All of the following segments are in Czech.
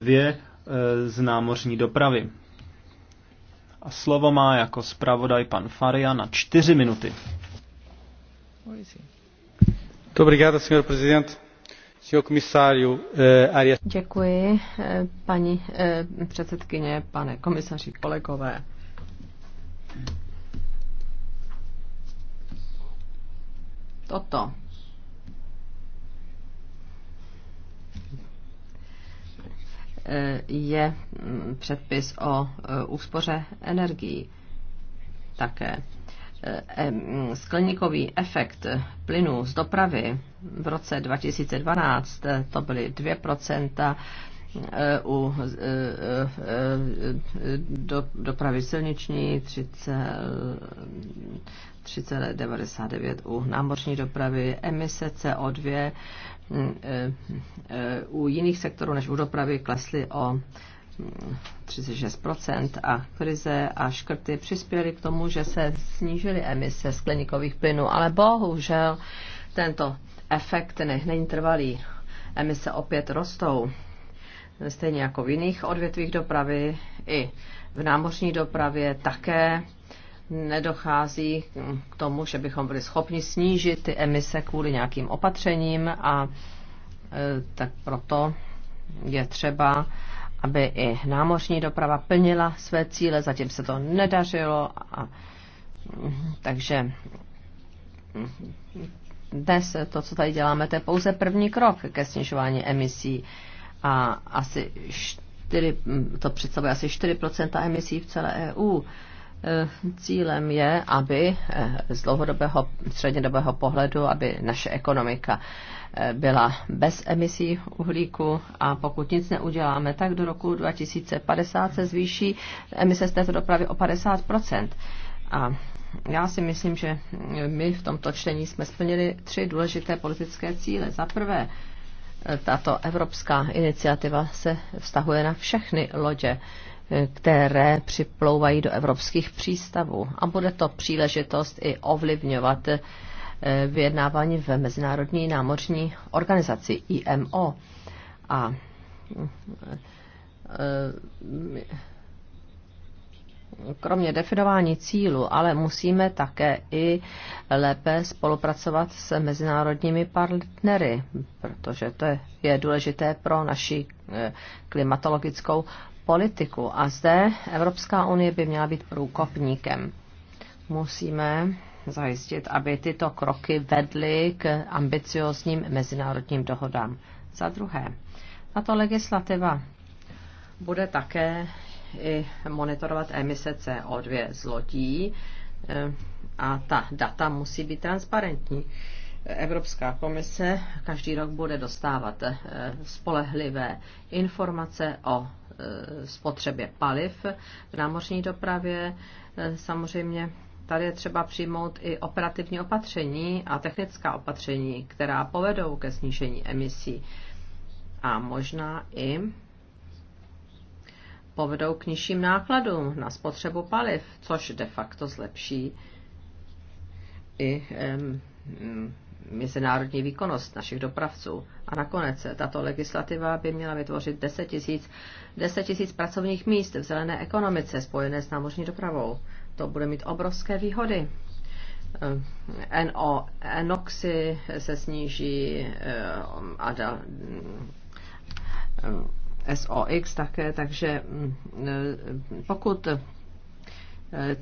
dvě e, z námořní dopravy. A slovo má jako zpravodaj pan Faria na čtyři minuty. Eh, Děkuji, eh, paní eh, předsedkyně, pane komisaři, kolegové. Toto je mm, předpis o e, úspoře energií také. E, skleníkový efekt plynu z dopravy v roce 2012 e, to byly 2 u dopravy silniční 3,99 u námořní dopravy, emise CO2 mm, e, e, u jiných sektorů než u dopravy klesly o 36 mm, a krize a škrty přispěly k tomu, že se snížily emise skleníkových plynů, ale bohužel tento efekt ne, není trvalý. Emise opět rostou. Stejně jako v jiných odvětvích dopravy, i v námořní dopravě také nedochází k tomu, že bychom byli schopni snížit ty emise kvůli nějakým opatřením a e, tak proto je třeba, aby i námořní doprava plnila své cíle, zatím se to nedařilo a takže dnes to, co tady děláme, to je pouze první krok ke snižování emisí a asi 4, to představuje asi 4% emisí v celé EU. Eh, cílem je, aby eh, z dlouhodobého, střednědobého pohledu, aby naše ekonomika eh, byla bez emisí uhlíku a pokud nic neuděláme, tak do roku 2050 se zvýší emise z této dopravy o 50 A já si myslím, že my v tomto čtení jsme splnili tři důležité politické cíle. Za prvé, tato evropská iniciativa se vztahuje na všechny lodě které připlouvají do evropských přístavů. A bude to příležitost i ovlivňovat eh, vyjednávání ve Mezinárodní námořní organizaci IMO. A eh, kromě definování cílu, ale musíme také i lépe spolupracovat s mezinárodními partnery, protože to je důležité pro naši eh, klimatologickou politiku a zde Evropská unie by měla být průkopníkem. Musíme zajistit, aby tyto kroky vedly k ambiciozním mezinárodním dohodám. Za druhé, tato legislativa bude také i monitorovat emise CO2 z lodí eh, a ta data musí být transparentní. Evropská komise každý rok bude dostávat eh, spolehlivé informace o Eh, spotřebě paliv v námořní dopravě. Eh, samozřejmě tady je třeba přijmout i operativní opatření a technická opatření, která povedou ke snížení emisí a možná i povedou k nižším nákladům na spotřebu paliv, což de facto zlepší i um, mezinárodní výkonnost našich dopravců. A nakonec tato legislativa by měla vytvořit 10 tisíc 10 pracovních míst v zelené ekonomice spojené s námořní dopravou. To bude mít obrovské výhody. Eh, NO, NOXy se sníží eh, a dal eh, SOX také, takže mm, pokud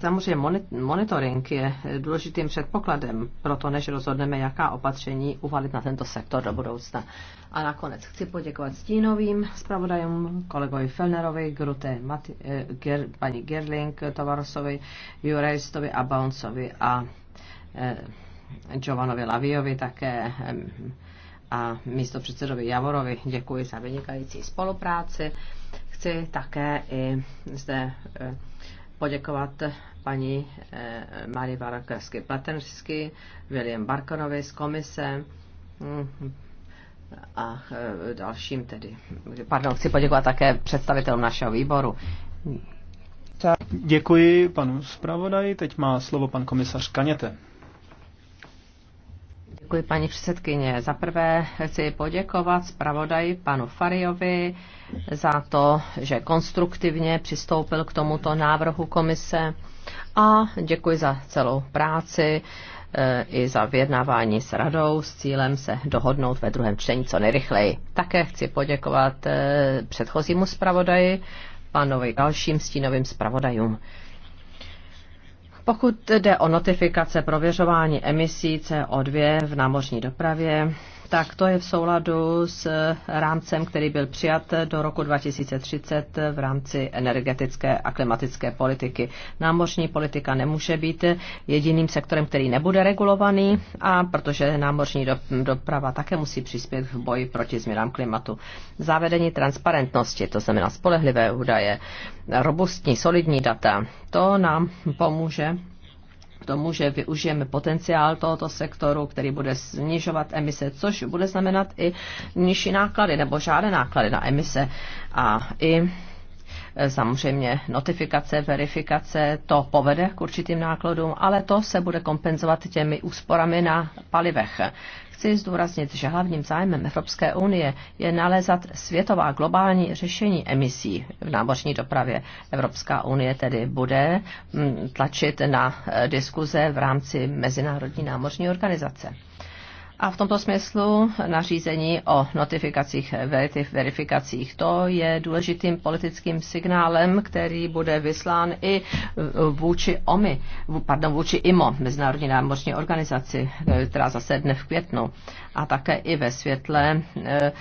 Samozřejmě monitoring je důležitým předpokladem pro to, než rozhodneme, jaká opatření uvalit na tento sektor do budoucna. A nakonec chci poděkovat stínovým zpravodajům, kolegovi Felnerovi, Grute, Mati, eh, Ger, paní Gerling, Tovarosovi, Jurejstovi a Bouncovi a eh, Giovanovi Laviovi také eh, a místo předsedovi Javorovi. Děkuji za vynikající spolupráci. Chci také i zde eh, poděkovat paní eh, Marie Barakersky Platenřsky, William Barkonovi z komise mm, a eh, dalším tedy. Pardon, chci poděkovat také představitelům našeho výboru. Děkuji panu zpravodaji. Teď má slovo pan komisař Kaněte. Děkuji paní předsedkyně. Za prvé chci poděkovat zpravodaji panu Fariovi za to, že konstruktivně přistoupil k tomuto návrhu komise a děkuji za celou práci eh, i za vyjednávání s radou s cílem se dohodnout ve druhém čtení co nejrychleji. Také chci poděkovat eh, předchozímu zpravodaji, panovi dalším stínovým zpravodajům. Pokud jde o notifikace prověřování emisí CO2 v námořní dopravě, tak to je v souladu s eh, rámcem, který byl přijat eh, do roku 2030 eh, v rámci energetické a klimatické politiky. Námořní politika nemůže být jediným sektorem, který nebude regulovaný, a protože námořní doprava také musí přispět v boji proti změnám klimatu. Závedení transparentnosti, to znamená spolehlivé údaje, robustní, solidní data, to nám pomůže k tomu, že využijeme potenciál tohoto sektoru, který bude snižovat emise, což bude znamenat i nižší náklady nebo žádné náklady na emise. A i e, samozřejmě notifikace, verifikace, to povede k určitým nákladům, ale to se bude kompenzovat těmi úsporami na palivech. Chci zdůraznit, že hlavním zájmem Evropské unie je nalézat světová globální řešení emisí v námořní dopravě. Evropská unie tedy bude mm, tlačit na eh, diskuze v rámci Mezinárodní námořní organizace. A v tomto smyslu nařízení o notifikacích, verifikacích, to je důležitým politickým signálem, který bude vyslán i vůči OMI, pardon, vůči IMO, Mezinárodní námořní organizaci, která dne v květnu. A také i ve světle eh,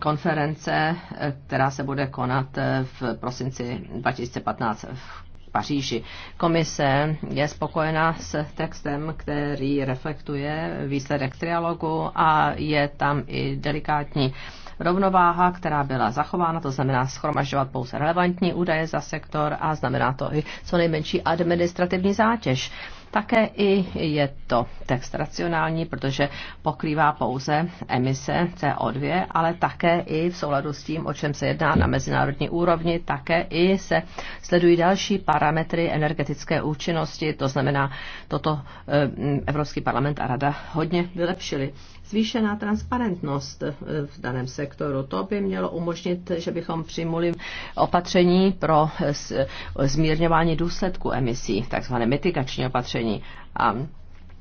konference, eh, která se bude konat eh, v prosinci 2015 v Paříži. Komise je spokojená s textem, který reflektuje výsledek trialogu a je tam i delikátní rovnováha, která byla zachována, to znamená schromažďovat pouze relevantní údaje za sektor a znamená to i co nejmenší administrativní zátěž. Také i je to text racionální, protože pokrývá pouze emise CO2, ale také i v souladu s tím, o čem se jedná na mezinárodní úrovni, také i se sledují další parametry energetické účinnosti, to znamená, toto eh, Evropský parlament a Rada hodně vylepšili zvýšená transparentnost eh, v daném sektoru. To by mělo umožnit, že bychom přijmuli opatření pro eh, eh, zmírňování důsledků emisí, takzvané mitigační opatření. A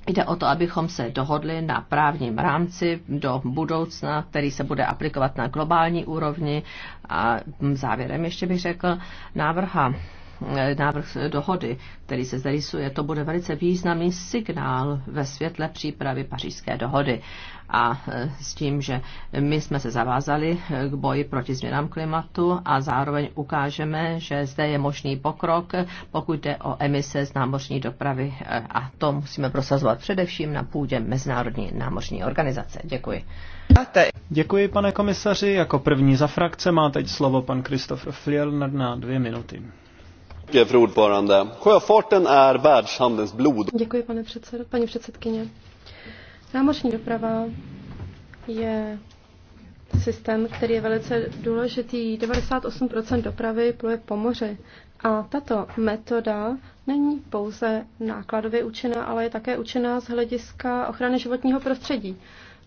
Jde o to, abychom se dohodli na právním rámci do budoucna, který se bude aplikovat na globální úrovni. A závěrem ještě bych řekl, návrha Eh, návrh dohody, který se zde rysuje, to bude velice významný signál ve světle přípravy pařížské dohody. A eh, s tím, že my jsme se zavázali eh, k boji proti změnám klimatu a zároveň ukážeme, že zde je možný pokrok, pokud jde o emise z námořní dopravy a to musíme prosazovat především na půdě Mezinárodní námořní organizace. Děkuji. Děkuji, pane komisaři. Jako první za frakce má teď slovo pan Kristof Fliel na dvě minuty. Děkuji, pane předsedo, paní předsedkyně. Námořní doprava je systém, který je velice důležitý. 98% dopravy pluje po moři. A tato metoda není pouze nákladově účinná, ale je také účinná z hlediska ochrany životního prostředí.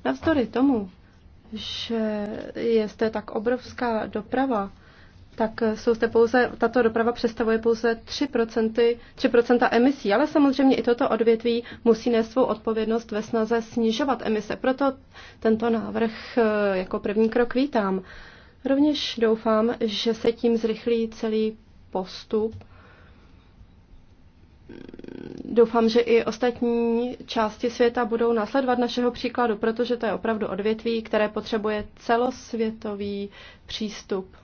Navzdory tomu, že je zde tak obrovská doprava, tak jsou zde pouze, tato doprava představuje pouze 3%, 3% emisí, ale samozřejmě i toto odvětví musí nést svou odpovědnost ve snaze snižovat emise. Proto tento návrh eh, jako první krok vítám. Rovněž doufám, že se tím zrychlí celý postup. Doufám, že i ostatní části světa budou následovat našeho příkladu, protože to je opravdu odvětví, které potřebuje celosvětový přístup.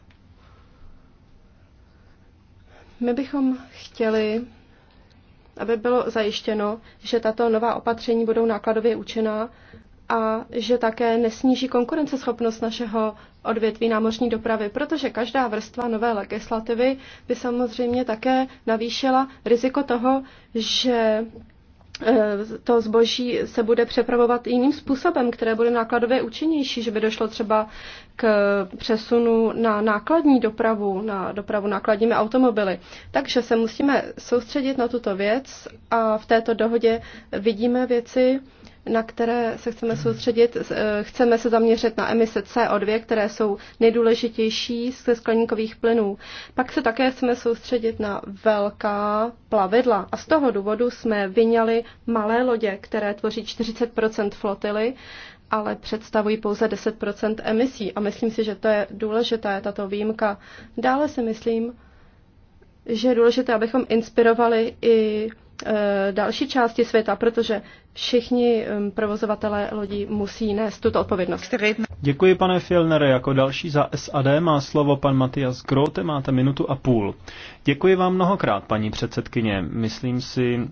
My bychom chtěli, aby bylo zajištěno, že tato nová opatření budou nákladově účinná a že také nesníží konkurenceschopnost našeho odvětví námořní dopravy, protože každá vrstva nové legislativy by samozřejmě také navýšila riziko toho, že Eh, to zboží se bude přepravovat jiným způsobem, které bude nákladově účinnější, že by došlo třeba k přesunu na nákladní dopravu, na dopravu nákladními automobily. Takže se musíme soustředit na tuto věc a v této dohodě vidíme věci, na které se chceme soustředit. Eh, chceme se zaměřit na emise CO2, které jsou nejdůležitější ze skleníkových plynů. Pak se také chceme soustředit na velká plavidla. A z toho důvodu jsme vyňali malé lodě, které tvoří 40 flotily, ale představují pouze 10 emisí. A myslím si, že to je důležité, tato výjimka. Dále si myslím, že je důležité, abychom inspirovali i Eh, další části světa, protože všichni eh, provozovatelé lodí musí nést tuto odpovědnost. Děkuji, pane Filnere. Jako další za SAD má slovo pan Matias Grote. Máte minutu a půl. Děkuji vám mnohokrát, paní předsedkyně. Myslím si,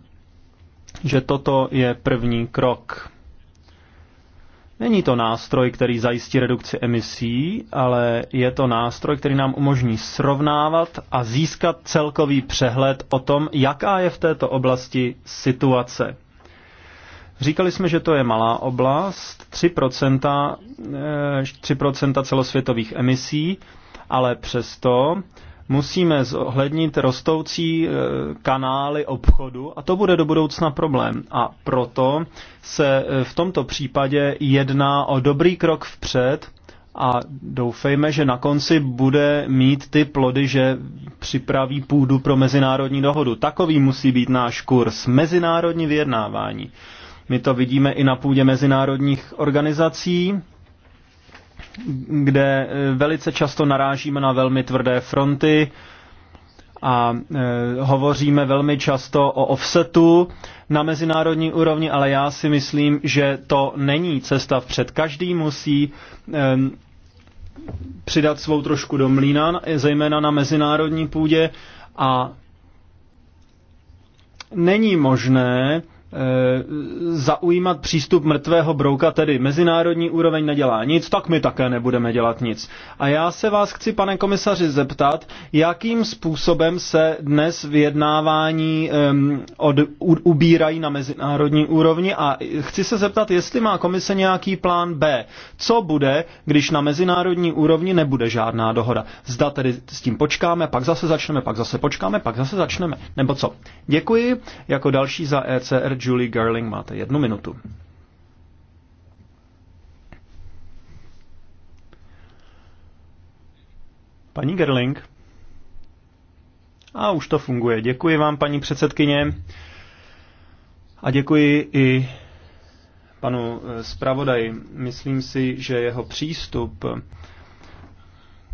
že toto je první krok Není to nástroj, který zajistí redukci emisí, ale je to nástroj, který nám umožní srovnávat a získat celkový přehled o tom, jaká je v této oblasti situace. Říkali jsme, že to je malá oblast, 3%, 3 eh, celosvětových emisí, ale přesto musíme zohlednit rostoucí eh, kanály obchodu a to bude do budoucna problém. A proto se eh, v tomto případě jedná o dobrý krok vpřed a doufejme, že na konci bude mít ty plody, že připraví půdu pro mezinárodní dohodu. Takový musí být náš kurz. Mezinárodní vyjednávání. My to vidíme i na půdě mezinárodních organizací, kde eh, velice často narážíme na velmi tvrdé fronty a eh, hovoříme velmi často o offsetu na mezinárodní úrovni, ale já si myslím, že to není cesta vpřed. Každý musí přidat svou trošku do mlína, zejména na mezinárodní půdě a není možné Eh, zaujímat přístup mrtvého brouka, tedy mezinárodní úroveň nedělá nic, tak my také nebudeme dělat nic. A já se vás chci, pane komisaři, zeptat, jakým způsobem se dnes vyjednávání um, od, u, ubírají na mezinárodní úrovni a chci se zeptat, jestli má komise nějaký plán B. Co bude, když na mezinárodní úrovni nebude žádná dohoda? Zda tedy s tím počkáme, pak zase začneme, pak zase počkáme, pak zase začneme, nebo co? Děkuji. Jako další za ECRG Julie Garling, máte jednu minutu. Paní Gerling? A už to funguje. Děkuji vám, paní předsedkyně. A děkuji i panu eh, zpravodaji. Myslím si, že jeho přístup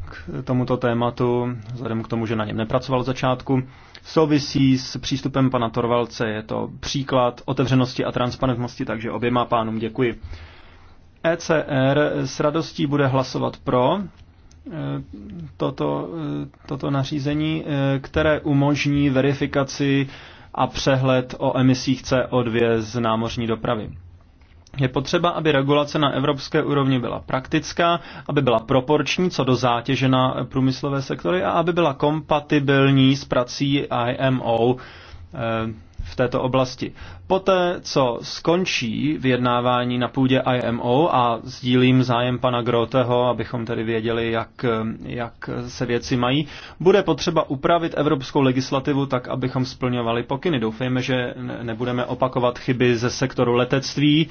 k tomuto tématu, vzhledem k tomu, že na něm nepracoval od začátku, souvisí s přístupem pana Torvalce. Je to příklad otevřenosti a transparentnosti, takže oběma pánům děkuji. ECR s radostí bude hlasovat pro e, toto, e, toto nařízení, e, které umožní verifikaci a přehled o emisích CO2 z námořní dopravy. Je potřeba, aby regulace na evropské úrovni byla praktická, aby byla proporční co do zátěže na průmyslové sektory a aby byla kompatibilní s prací IMO, eh, v této oblasti. Poté, co skončí vyjednávání na půdě IMO a sdílím zájem pana Groteho, abychom tedy věděli, jak, jak se věci mají, bude potřeba upravit evropskou legislativu tak, abychom splňovali pokyny. Doufejme, že nebudeme opakovat chyby ze sektoru letectví,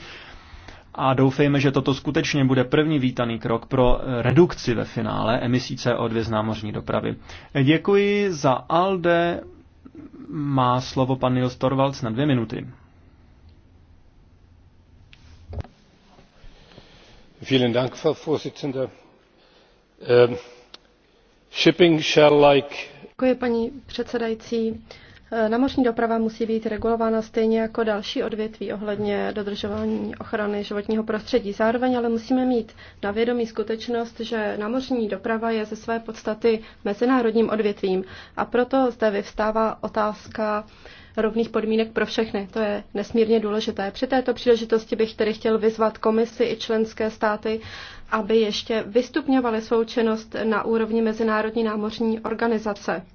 a doufejme, že toto skutečně bude první vítaný krok pro redukci ve finále emisí CO2 z námořní dopravy. Děkuji za ALDE má slovo pan Nils Torvalds na dvě minuty. Vielen Dank, Frau Vorsitzende. Ähm, shipping shall like... Děkuji, paní předsedající Eh, námořní doprava musí být regulována stejně jako další odvětví ohledně dodržování ochrany životního prostředí. Zároveň ale musíme mít na vědomí skutečnost, že námořní doprava je ze své podstaty mezinárodním odvětvím a proto zde vyvstává otázka rovných podmínek pro všechny. To je nesmírně důležité. Při této příležitosti bych tedy chtěl vyzvat komisi i členské státy, aby ještě vystupňovaly svou činnost na úrovni Mezinárodní námořní organizace.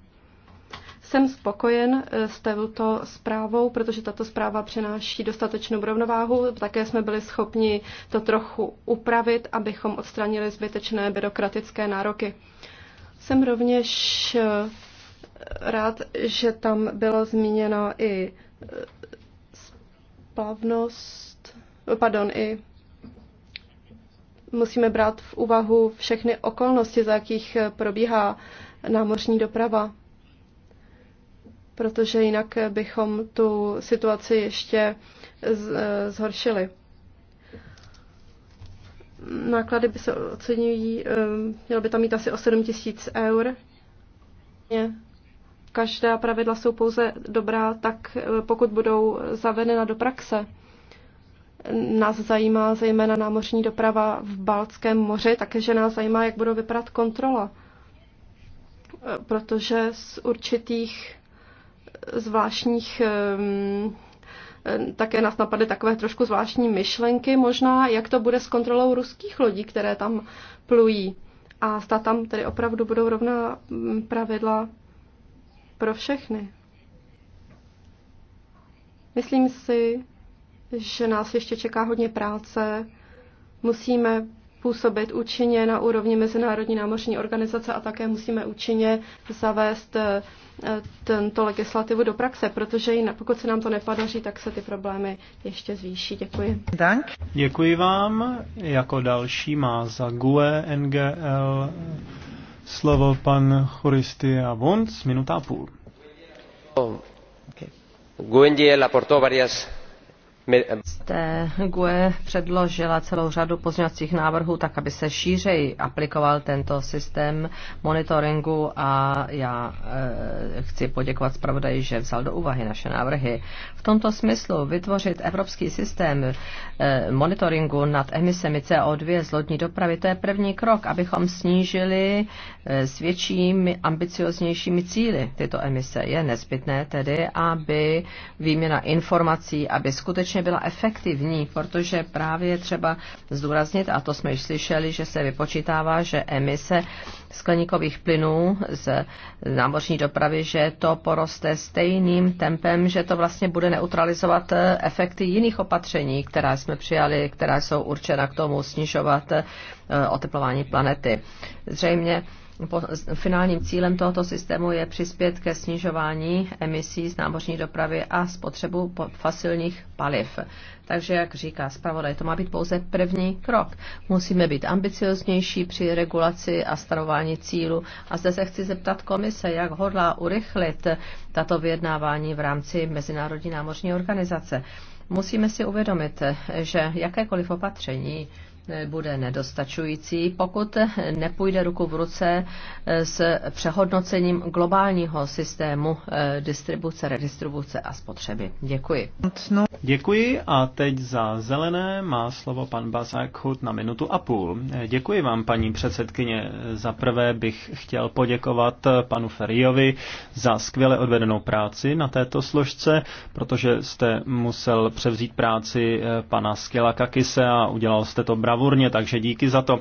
Jsem spokojen eh, s touto zprávou, protože tato zpráva přináší dostatečnou rovnováhu. Také jsme byli schopni to trochu upravit, abychom odstranili zbytečné byrokratické nároky. Jsem rovněž eh, rád, že tam byla zmíněna i eh, splavnost, pardon, i musíme brát v úvahu všechny okolnosti, za jakých probíhá námořní doprava protože jinak bychom tu situaci ještě e, zhoršili. Náklady by se oceňují, e, mělo by tam mít asi o 7 tisíc eur. Každá pravidla jsou pouze dobrá, tak e, pokud budou zavedena do praxe. Nás zajímá zejména námořní doprava v Balckém moři, takže nás zajímá, jak budou vypadat kontrola. Protože z určitých zvláštních také nás napadly takové trošku zvláštní myšlenky, možná jak to bude s kontrolou ruských lodí, které tam plují. A stát tam tedy opravdu budou rovná mm, pravidla pro všechny. Myslím si, že nás ještě čeká hodně práce. Musíme působit účinně na úrovni Mezinárodní námořní organizace a také musíme účinně zavést eh, tento legislativu do praxe, protože pokud se nám to nepodaří, tak se ty problémy ještě zvýší. Děkuji. Dank. Děkuji vám. Jako další má za GUE NGL slovo pan Choristy a Vons, minuta a půl. Oh, okay. GUE NGL aportó varias Jste GUE předložila celou řadu pozměňovacích návrhů, tak aby se šířeji aplikoval tento systém monitoringu a já e, chci poděkovat zpravodaji, že vzal do úvahy naše návrhy. V tomto smyslu vytvořit evropský systém e, monitoringu nad emisemi CO2 z lodní dopravy, to je první krok, abychom snížili e, s většími ambicioznějšími cíly tyto emise. Je nezbytné tedy, aby výměna informací, aby skutečně skutečně byla efektivní, protože právě třeba zdůraznit, a to jsme již slyšeli, že se vypočítává, že emise skleníkových plynů z námořní dopravy, že to poroste stejným tempem, že to vlastně bude neutralizovat efekty jiných opatření, která jsme přijali, která jsou určena k tomu snižovat eh, oteplování planety. Zřejmě Finálním cílem tohoto systému je přispět ke snižování emisí z námořní dopravy a spotřebu fosilních paliv. Takže, jak říká zpravodaj, to má být pouze první krok. Musíme být ambicioznější při regulaci a stanování cílu. A zde se chci zeptat komise, jak hodlá urychlit tato vyjednávání v rámci Mezinárodní námořní organizace. Musíme si uvědomit, že jakékoliv opatření, bude nedostačující, pokud nepůjde ruku v ruce s přehodnocením globálního systému eh, distribuce, redistribuce a spotřeby. Děkuji. Děkuji a teď za zelené má slovo pan Bazák Hut na minutu a půl. Eh, děkuji vám, paní předsedkyně. Za prvé bych chtěl poděkovat eh, panu Feriovi za skvěle odvedenou práci na této složce, protože jste musel převzít práci pana Skila Kakise a udělal jste to bravo bravurně, takže díky za to.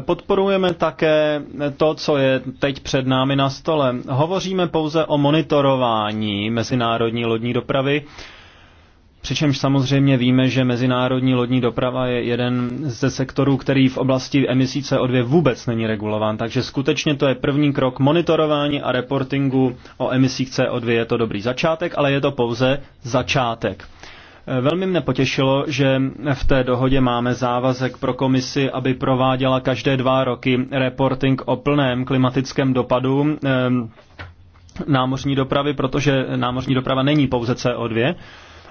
Podporujeme také to, co je teď před námi na stole. Hovoříme pouze o monitorování mezinárodní lodní dopravy, Přičemž samozřejmě víme, že mezinárodní lodní doprava je jeden ze sektorů, který v oblasti emisí CO2 vůbec není regulován, takže skutečně to je první krok monitorování a reportingu o emisích CO2. Je to dobrý začátek, ale je to pouze začátek. Velmi mne potěšilo, že v té dohodě máme závazek pro komisi, aby prováděla každé dva roky reporting o plném klimatickém dopadu eh, námořní dopravy, protože námořní doprava není pouze CO2.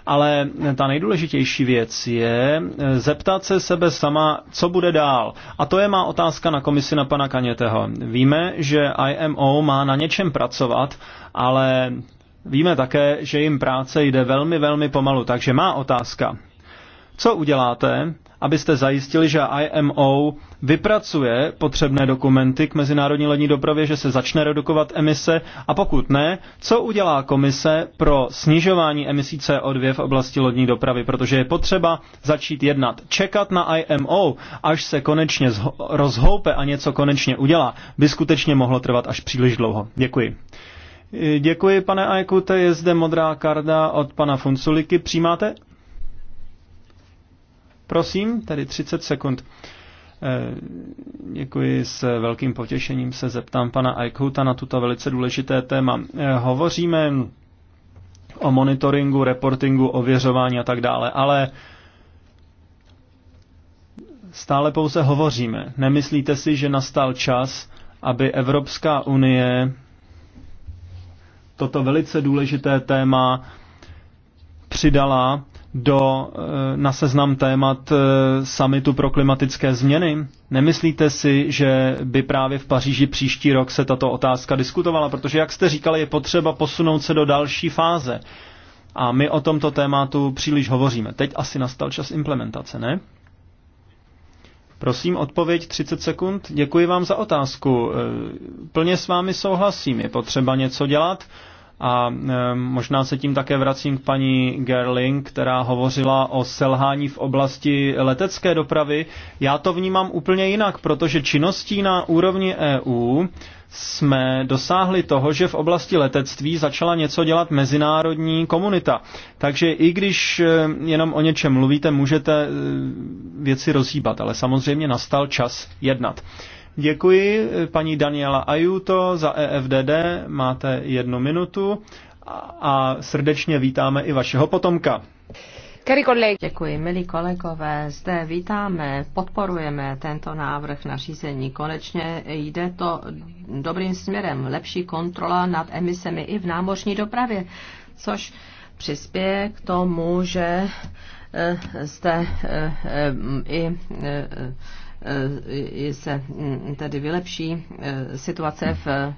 Ale ta nejdůležitější věc je eh, zeptat se sebe sama, co bude dál. A to je má otázka na komisi na pana Kaněteho. Víme, že IMO má na něčem pracovat, ale Víme také, že jim práce jde velmi, velmi pomalu, takže má otázka. Co uděláte, abyste zajistili, že IMO vypracuje potřebné dokumenty k mezinárodní lední dopravě, že se začne redukovat emise a pokud ne, co udělá komise pro snižování emisí CO2 v oblasti lodní dopravy, protože je potřeba začít jednat. Čekat na IMO, až se konečně rozhoupe a něco konečně udělá, by skutečně mohlo trvat až příliš dlouho. Děkuji. Děkuji, pane Ajkute. Je zde modrá karda od pana Funculiky. Přijímáte? Prosím, tedy 30 sekund. Eh, děkuji, s velkým potěšením se zeptám pana Ajkuta na tuto velice důležité téma. Eh, hovoříme o monitoringu, reportingu, ověřování a tak dále, ale stále pouze hovoříme. Nemyslíte si, že nastal čas, aby Evropská unie toto velice důležité téma přidala do, e, na seznam témat e, samitu pro klimatické změny? Nemyslíte si, že by právě v Paříži příští rok se tato otázka diskutovala? Protože, jak jste říkali, je potřeba posunout se do další fáze. A my o tomto tématu příliš hovoříme. Teď asi nastal čas implementace, ne? Prosím, odpověď 30 sekund. Děkuji vám za otázku. E, plně s vámi souhlasím. Je potřeba něco dělat a možná se tím také vracím k paní Gerling, která hovořila o selhání v oblasti letecké dopravy. Já to vnímám úplně jinak, protože činností na úrovni EU jsme dosáhli toho, že v oblasti letectví začala něco dělat mezinárodní komunita. Takže i když jenom o něčem mluvíte, můžete věci rozhýbat, ale samozřejmě nastal čas jednat. Děkuji paní Daniela Ajuto za EFDD, máte jednu minutu a srdečně vítáme i vašeho potomka. Děkuji, milí kolegové. Zde vítáme, podporujeme tento návrh nařízení. Konečně jde to dobrým směrem. Lepší kontrola nad emisemi i v námořní dopravě, což přispěje k tomu, že eh, zde eh, eh, i Eh, se mm, tedy vylepší eh, situace v,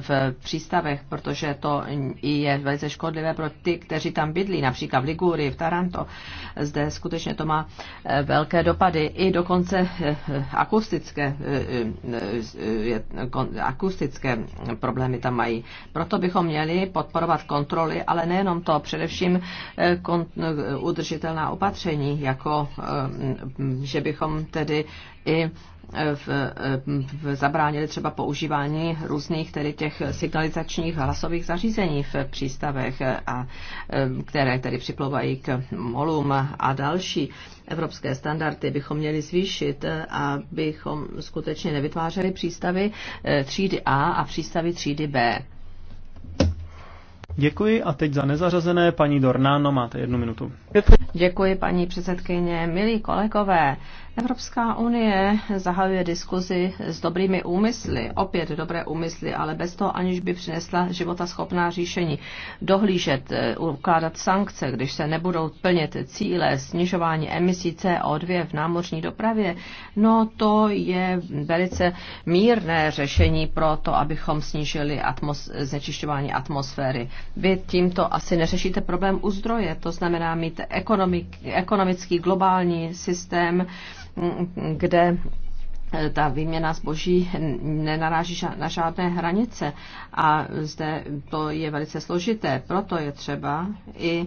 v přístavech, protože to je velice škodlivé pro ty, kteří tam bydlí, například v Liguri, v Taranto. Zde skutečně to má eh, velké dopady, i dokonce akustické, akustické problémy tam mají. Proto bychom měli podporovat kontroly, ale nejenom to, především udržitelná opatření, jako že bychom tedy i e, v, e, v, zabránili třeba používání různých tedy těch signalizačních hlasových zařízení v přístavech, e, a, které tedy připlouvají k molům a další. Evropské standardy bychom měli zvýšit, abychom skutečně nevytvářeli přístavy třídy A a přístavy třídy B Děkuji a teď za nezařazené paní Dornáno, máte jednu minutu. Děkuji paní předsedkyně. Milí kolegové, Evropská unie zahajuje diskuzi s dobrými úmysly, opět dobré úmysly, ale bez toho aniž by přinesla života schopná řešení. Dohlížet, eh, ukládat sankce, když se nebudou plnit cíle snižování emisí CO2 v námořní dopravě, no to je velice mírné řešení pro to, abychom snížili atmos- znečišťování atmosféry vy tímto asi neřešíte problém u zdroje, to znamená mít ekonomik, ekonomický globální systém, kde ta výměna zboží nenaráží na žádné hranice a zde to je velice složité. Proto je třeba i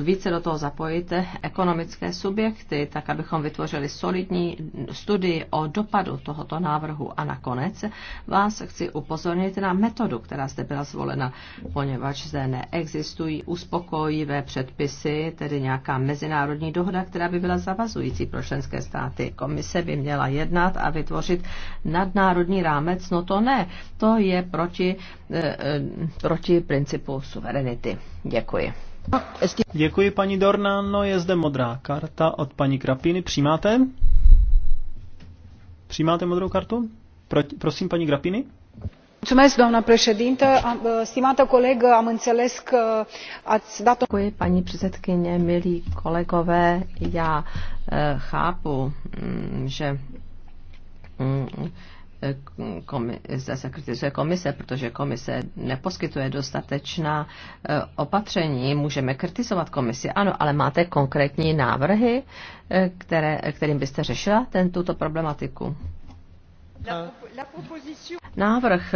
více do toho zapojit ekonomické subjekty, tak abychom vytvořili solidní studii o dopadu tohoto návrhu. A nakonec vás chci upozornit na metodu, která zde byla zvolena, poněvadž zde neexistují uspokojivé předpisy, tedy nějaká mezinárodní dohoda, která by byla zavazující pro členské státy. Komise by měla jednat a vy vytvořit nadnárodní rámec, no to ne. To je proti, eh, eh, proti principu suverenity. Děkuji. Děkuji paní No, je zde modrá karta od paní Krapiny. Přijímáte? Přijímáte modrou kartu? Proti, prosím, paní Grapini. Mulțumesc, doamna președintă. Eh, stimată colegă, am înțeles că ați dat... Děkuji, paní předsedkyně, milí kolegové. Já chápu, mm, že komi, zde se kritizuje komise, protože komise neposkytuje dostatečná eh, opatření. Můžeme kritizovat komisi, ano, ale máte konkrétní návrhy, eh, které, kterým byste řešila ten, tuto problematiku? Návrh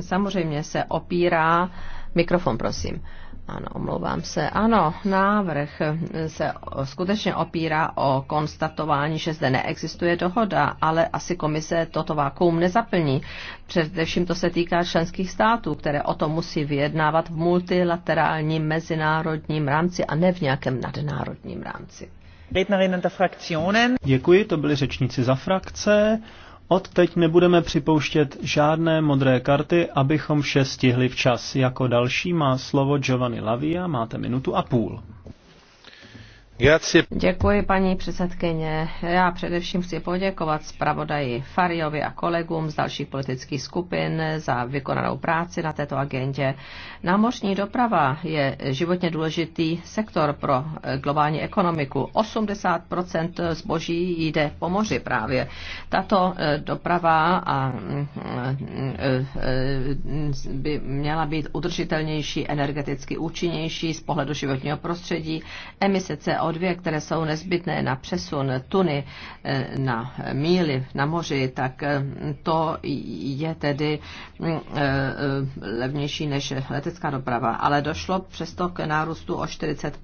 samozřejmě se opírá, mikrofon prosím, ano, omlouvám se. Ano, návrh se skutečně opírá o konstatování, že zde neexistuje dohoda, ale asi komise toto vákuum nezaplní. Především to se týká členských států, které o tom musí vyjednávat v multilaterálním mezinárodním rámci a ne v nějakém nadnárodním rámci. Děkuji, to byli řečníci za frakce od teď nebudeme připouštět žádné modré karty, abychom vše stihli včas. Jako další má slovo Giovanni Lavia, máte minutu a půl. Děkuji, paní předsedkyně. Já především chci poděkovat zpravodaji Fariovi a kolegům z dalších politických skupin za vykonanou práci na této agendě. Námořní doprava je životně důležitý sektor pro eh, globální ekonomiku. 80 zboží jde po moři právě. Tato eh, doprava a mm, eh, by měla být udržitelnější, energeticky účinnější z pohledu životního prostředí, emise CO2 CO2, které jsou nezbytné na přesun tuny eh, na míly na moři, tak eh, to je tedy eh, levnější než letecká doprava. Ale došlo přesto k nárůstu o 40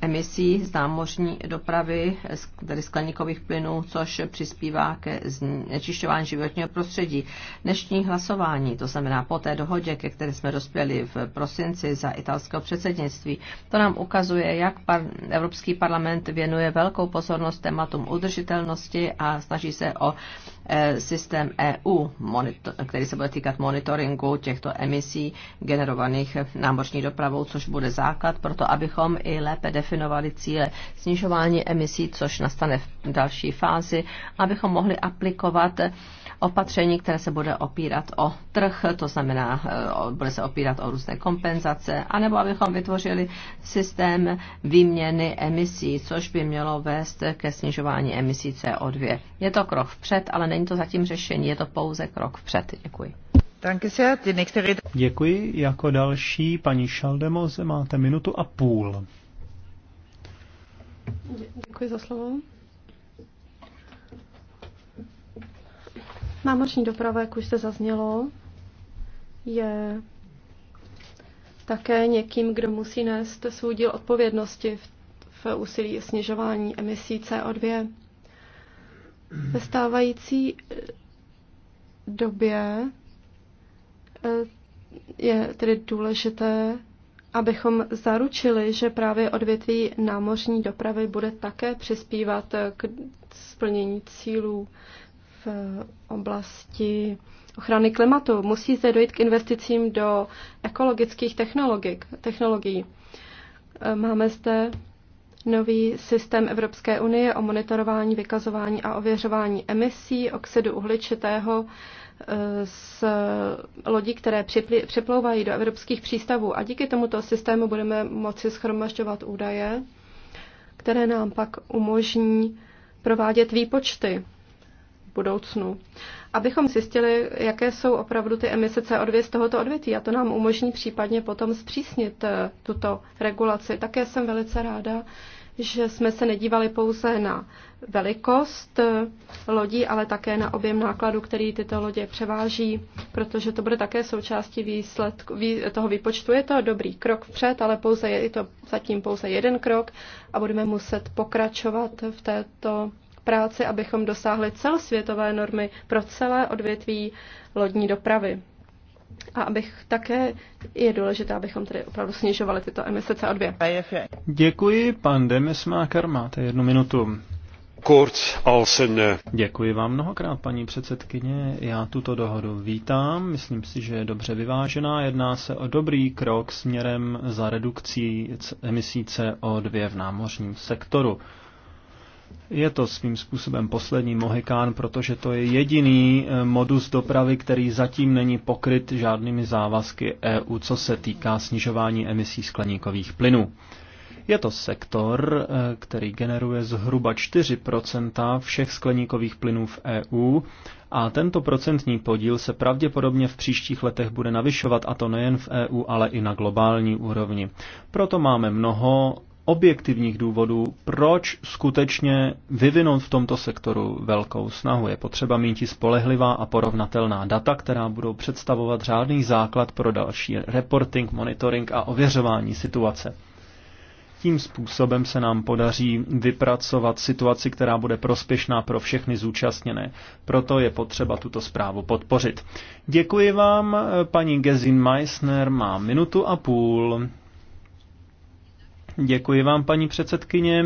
emisí z námořní dopravy, tedy skleníkových plynů, což přispívá ke znečišťování životního prostředí. Dnešní hlasování, to znamená po té dohodě, ke které jsme dospěli v prosinci za italského předsednictví, to nám ukazuje, jak Evropský parlament věnuje velkou pozornost tématům udržitelnosti a snaží se o eh, systém EU, který se bude týkat monitoringu těchto emisí generovaných námořní dopravou, což bude základ pro to, abychom i lépe definovali cíle snižování emisí, což nastane v další fázi, abychom mohli aplikovat opatření, které se bude opírat o trh, to znamená, eh, bude se opírat o různé kompenzace, anebo abychom vytvořili systém výměn ceny emisí, což by mělo vést ke snižování emisí CO2. Je to krok vpřed, ale není to zatím řešení, je to pouze krok vpřed. Děkuji. Děkuji. Jako další paní Šaldemoze máte minutu a půl. Děkuji za slovo. Námořní doprava, jak už jste zaznělo, je také někým, kdo musí nést svůj díl odpovědnosti v své úsilí snižování emisí CO2. Ve stávající eh, době eh, je tedy důležité, abychom zaručili, že právě odvětví námořní dopravy bude také přispívat eh, k splnění cílů v oblasti ochrany klimatu. Musí zde dojít k investicím do ekologických technologií. Máme zde nový systém Evropské unie o monitorování, vykazování a ověřování emisí oxidu uhličitého z e, lodí, které připlouvají do evropských přístavů. A díky tomuto systému budeme moci schromažďovat údaje, které nám pak umožní provádět výpočty budoucnu, abychom zjistili, jaké jsou opravdu ty emise CO2 z tohoto odvětví a to nám umožní případně potom zpřísnit eh, tuto regulaci. Také jsem velice ráda, že jsme se nedívali pouze na velikost eh, lodí, ale také na objem nákladu, který tyto lodě převáží, protože to bude také součástí výsledku, vý, toho výpočtu. Je to dobrý krok vpřed, ale pouze je, je to zatím pouze jeden krok a budeme muset pokračovat v této práci, abychom dosáhli celosvětové normy pro celé odvětví lodní dopravy. A abych také je důležité, abychom tedy opravdu snižovali tyto emise CO2. Děkuji, pan Demesmáker, máte jednu minutu. Děkuji vám mnohokrát, paní předsedkyně. Já tuto dohodu vítám. Myslím si, že je dobře vyvážená. Jedná se o dobrý krok směrem za redukcí emisí CO2 v námořním sektoru. Je to svým způsobem poslední Mohikán, protože to je jediný eh, modus dopravy, který zatím není pokryt žádnými závazky EU, co se týká snižování emisí skleníkových plynů. Je to sektor, eh, který generuje zhruba 4 všech skleníkových plynů v EU a tento procentní podíl se pravděpodobně v příštích letech bude navyšovat, a to nejen v EU, ale i na globální úrovni. Proto máme mnoho objektivních důvodů, proč skutečně vyvinout v tomto sektoru velkou snahu. Je potřeba mít spolehlivá a porovnatelná data, která budou představovat řádný základ pro další reporting, monitoring a ověřování situace. Tím způsobem se nám podaří vypracovat situaci, která bude prospěšná pro všechny zúčastněné. Proto je potřeba tuto zprávu podpořit. Děkuji vám, paní Gesin Meissner má minutu a půl. Děkuji vám, paní předsedkyně,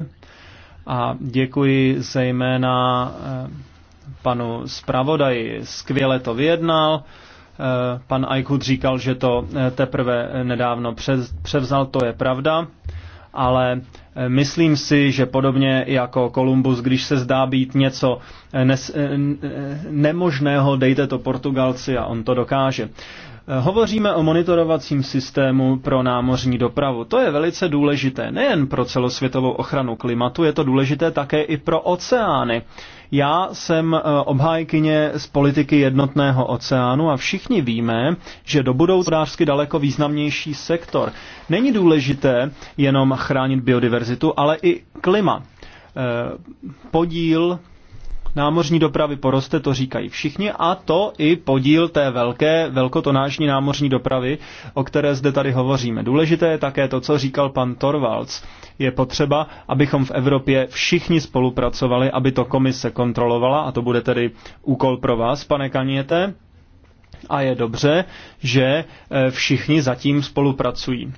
a děkuji zejména eh, panu zpravodaji. Skvěle to vyjednal. Eh, pan Aikut říkal, že to eh, teprve nedávno převzal, to je pravda, ale myslím si, že podobně jako Kolumbus, když se zdá být něco nes- nemožného, dejte to Portugalci a on to dokáže. Eh, hovoříme o monitorovacím systému pro námořní dopravu. To je velice důležité nejen pro celosvětovou ochranu klimatu, je to důležité také i pro oceány. Já jsem eh, obhájkyně z politiky jednotného oceánu a všichni víme, že do budoucnářsky daleko významnější sektor. Není důležité jenom chránit biodiverzitu, ale i klima. Eh, podíl námořní dopravy poroste, to říkají všichni, a to i podíl té velké, velkotonážní námořní dopravy, o které zde tady hovoříme. Důležité je také to, co říkal pan Torvalds. Je potřeba, abychom v Evropě všichni spolupracovali, aby to komise kontrolovala, a to bude tedy úkol pro vás, pane Kaněte. A je dobře, že eh, všichni zatím spolupracují.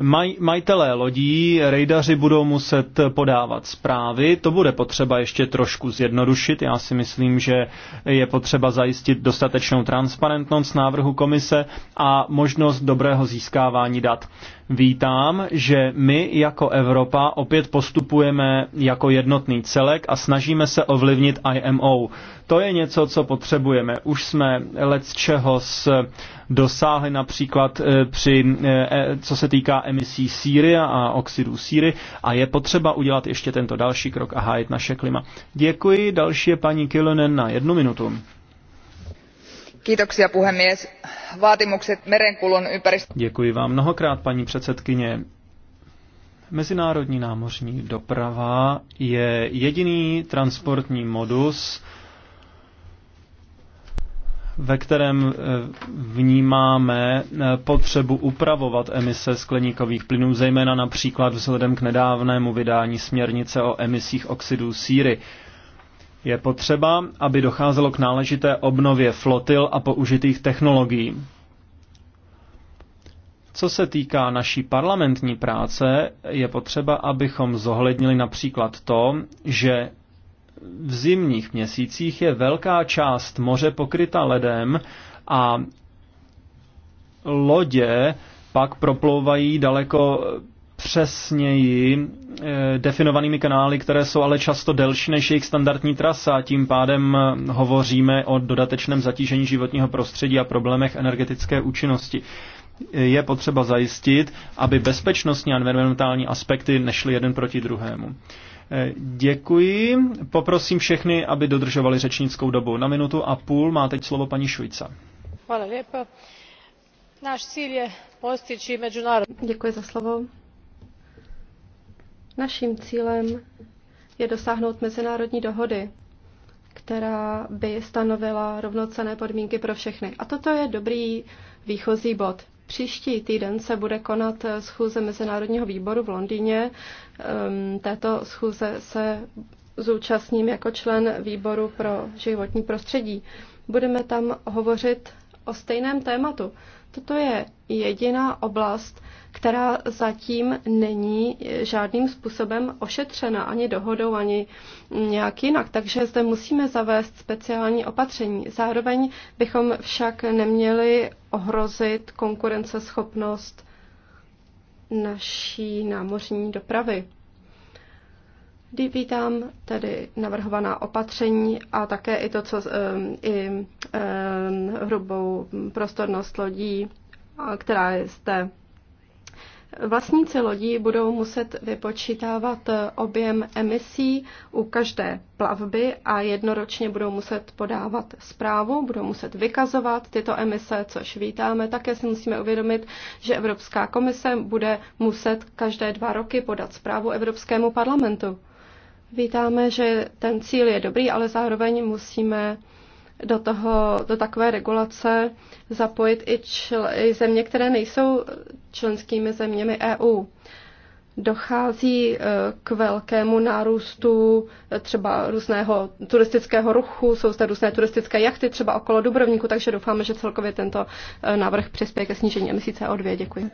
Maj, majitelé lodí, rejdaři budou muset podávat zprávy, to bude potřeba ještě trošku zjednodušit. Já si myslím, že je potřeba zajistit dostatečnou transparentnost návrhu komise a možnost dobrého získávání dat. Vítám, že my jako Evropa opět postupujeme jako jednotný celek a snažíme se ovlivnit IMO. To je něco, co potřebujeme. Už jsme let čeho dosáhli například eh, při, eh, e, co se týká emisí síry a oxidů síry a je potřeba udělat ještě tento další krok a hájit naše klima. Děkuji, další je paní Kilonen na jednu minutu puhemies. Vaatimukset merenkulun ympäristö... Děkuji vám mnohokrát, paní předsedkyně. Mezinárodní námořní doprava je jediný transportní modus, ve kterém eh, vnímáme eh, potřebu upravovat emise skleníkových plynů, zejména například vzhledem k nedávnému vydání směrnice o emisích oxidů síry. Je potřeba, aby docházelo k náležité obnově flotil a použitých technologií. Co se týká naší parlamentní práce, je potřeba, abychom zohlednili například to, že v zimních měsících je velká část moře pokryta ledem a lodě pak proplouvají daleko přesněji eh, definovanými kanály, které jsou ale často delší než jejich standardní trasa. Tím pádem eh, hovoříme o dodatečném zatížení životního prostředí a problémech energetické účinnosti. Eh, je potřeba zajistit, aby bezpečnostní a environmentální aspekty nešly jeden proti druhému. Děkuji. Poprosím všechny, aby dodržovali řečnickou dobu. Na minutu a půl má teď slovo paní Švýca. Náš cíl je Děkuji za slovo. Naším cílem je dosáhnout mezinárodní dohody, která by stanovila rovnocené podmínky pro všechny. A toto je dobrý výchozí bod. Příští týden se bude konat schůze Mezinárodního výboru v Londýně. Ehm, této schůze se zúčastním jako člen výboru pro životní prostředí. Budeme tam hovořit o stejném tématu. Toto je jediná oblast, která zatím není žádným způsobem ošetřena ani dohodou, ani nějak jinak. Takže zde musíme zavést speciální opatření. Zároveň bychom však neměli ohrozit konkurenceschopnost naší námořní dopravy. Vítám tedy navrhovaná opatření a také i to, co eh, i eh, hrubou prostornost lodí, která je zde Vlastníci lodí budou muset vypočítávat objem emisí u každé plavby a jednoročně budou muset podávat zprávu, budou muset vykazovat tyto emise, což vítáme. Také si musíme uvědomit, že Evropská komise bude muset každé dva roky podat zprávu Evropskému parlamentu. Vítáme, že ten cíl je dobrý, ale zároveň musíme do, toho, do takové regulace zapojit i, čl, i země, které nejsou členskými zeměmi EU. Dochází e, k velkému nárůstu e, třeba různého turistického ruchu, jsou zde různé turistické jachty třeba okolo Dubrovníku, takže doufáme, že celkově tento e, návrh přispěje ke snížení emisí CO2. Děkuji.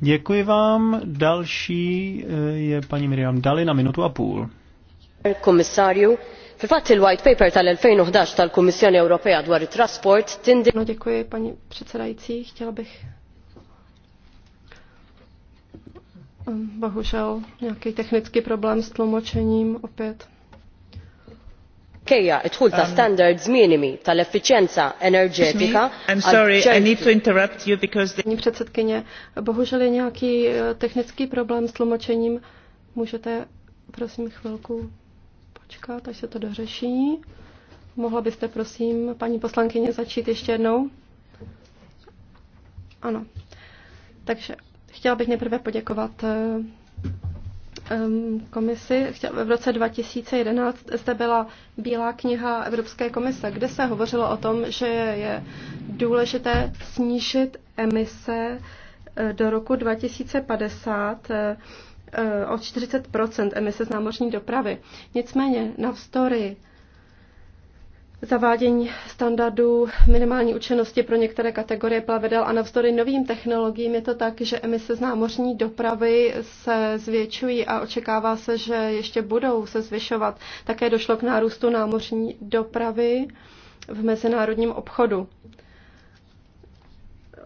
Děkuji vám. Další je paní Miriam Dali na minutu a půl. Komisáriu, fil fatt il white paper tal 2011 tal-Kummissjoni Ewropea dwar it-trasport tindi. No, děkuji, paní předsedající. Chtěla bych um, Bohužel nějaký technický problém s tlumočením opět. Kejja, idħul ta' um, standards minimi tal efficienza energetika. I'm sorry, I need to interrupt you because... Paní předsedkyně, bohužel je nějaký eh, technický problém s tlumočením. Můžete, prosím, chvilku počkat, až se to dořeší. Mohla byste, prosím, paní poslankyně, začít ještě jednou? Ano. Takže chtěla bych nejprve poděkovat eh, eh, komisi. V roce 2011 zde byla Bílá kniha Evropské komise, kde se hovořilo o tom, že je důležité snížit emise eh, do roku 2050 Eh, o 40 emise z námořní dopravy. Nicméně navzdory zavádění standardů minimální účinnosti pro některé kategorie plavidel a navzdory novým technologiím je to tak, že emise z námořní dopravy se zvětšují a očekává se, že ještě budou se zvyšovat. Také došlo k nárůstu námořní dopravy v mezinárodním obchodu.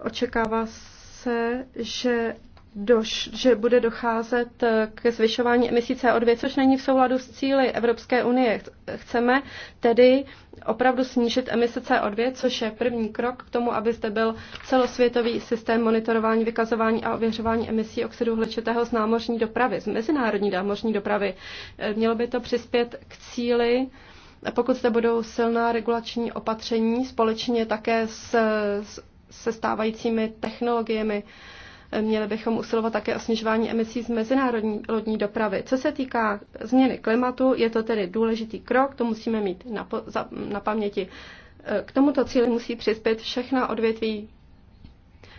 Očekává se, že doš, že bude docházet eh, k zvyšování emisí CO2, což není v souladu s cíly Evropské unie. Chceme tedy opravdu snížit emise CO2, což je první krok k tomu, aby zde byl celosvětový systém monitorování, vykazování a ověřování emisí oxidu hličitého z námořní dopravy, z mezinárodní námořní dopravy. Eh, mělo by to přispět k cíli pokud zde budou silná regulační opatření, společně také s, se stávajícími technologiemi, Měli bychom usilovat také o snižování emisí z mezinárodní lodní dopravy. Co se týká změny klimatu, je to tedy důležitý krok, to musíme mít na, po, za, na paměti. E, k tomuto cíli musí přispět všechna odvětví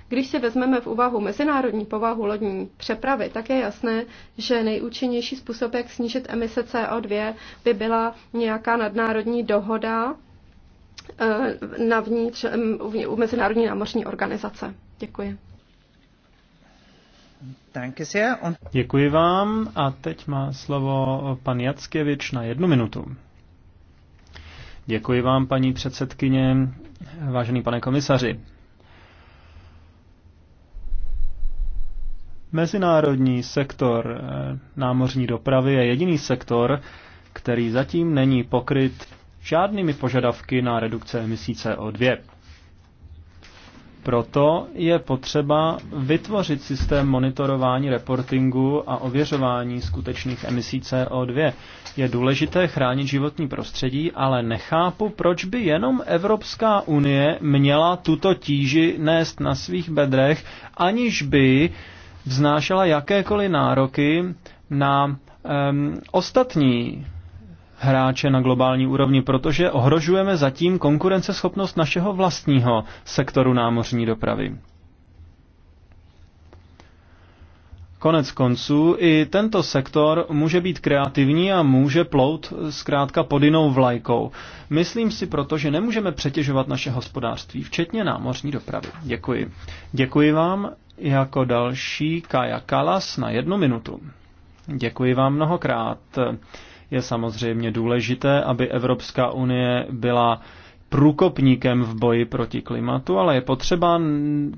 když si vezmeme v úvahu mezinárodní povahu lodní přepravy, tak je jasné, že nejúčinnější způsob, jak snížit emise CO2, by byla nějaká nadnárodní dohoda e, na vnitř, u Mezinárodní námořní organizace. Děkuji. Děkuji vám a teď má slovo pan Jackěvič na jednu minutu. Děkuji vám, paní předsedkyně, vážený pane komisaři. Mezinárodní sektor eh, námořní dopravy je jediný sektor, který zatím není pokryt žádnými požadavky na redukce emisí CO2. Proto je potřeba vytvořit systém monitorování, reportingu a ověřování skutečných emisí CO2. Je důležité chránit životní prostředí, ale nechápu, proč by jenom Evropská unie měla tuto tíži nést na svých bedrech, aniž by vznášela jakékoliv nároky na um, ostatní hráče na globální úrovni, protože ohrožujeme zatím konkurenceschopnost našeho vlastního sektoru námořní dopravy. Konec konců, i tento sektor může být kreativní a může plout zkrátka pod jinou vlajkou. Myslím si proto, že nemůžeme přetěžovat naše hospodářství, včetně námořní dopravy. Děkuji. Děkuji vám jako další Kaja Kalas na jednu minutu. Děkuji vám mnohokrát. Je samozřejmě důležité, aby Evropská unie byla průkopníkem v boji proti klimatu, ale je potřeba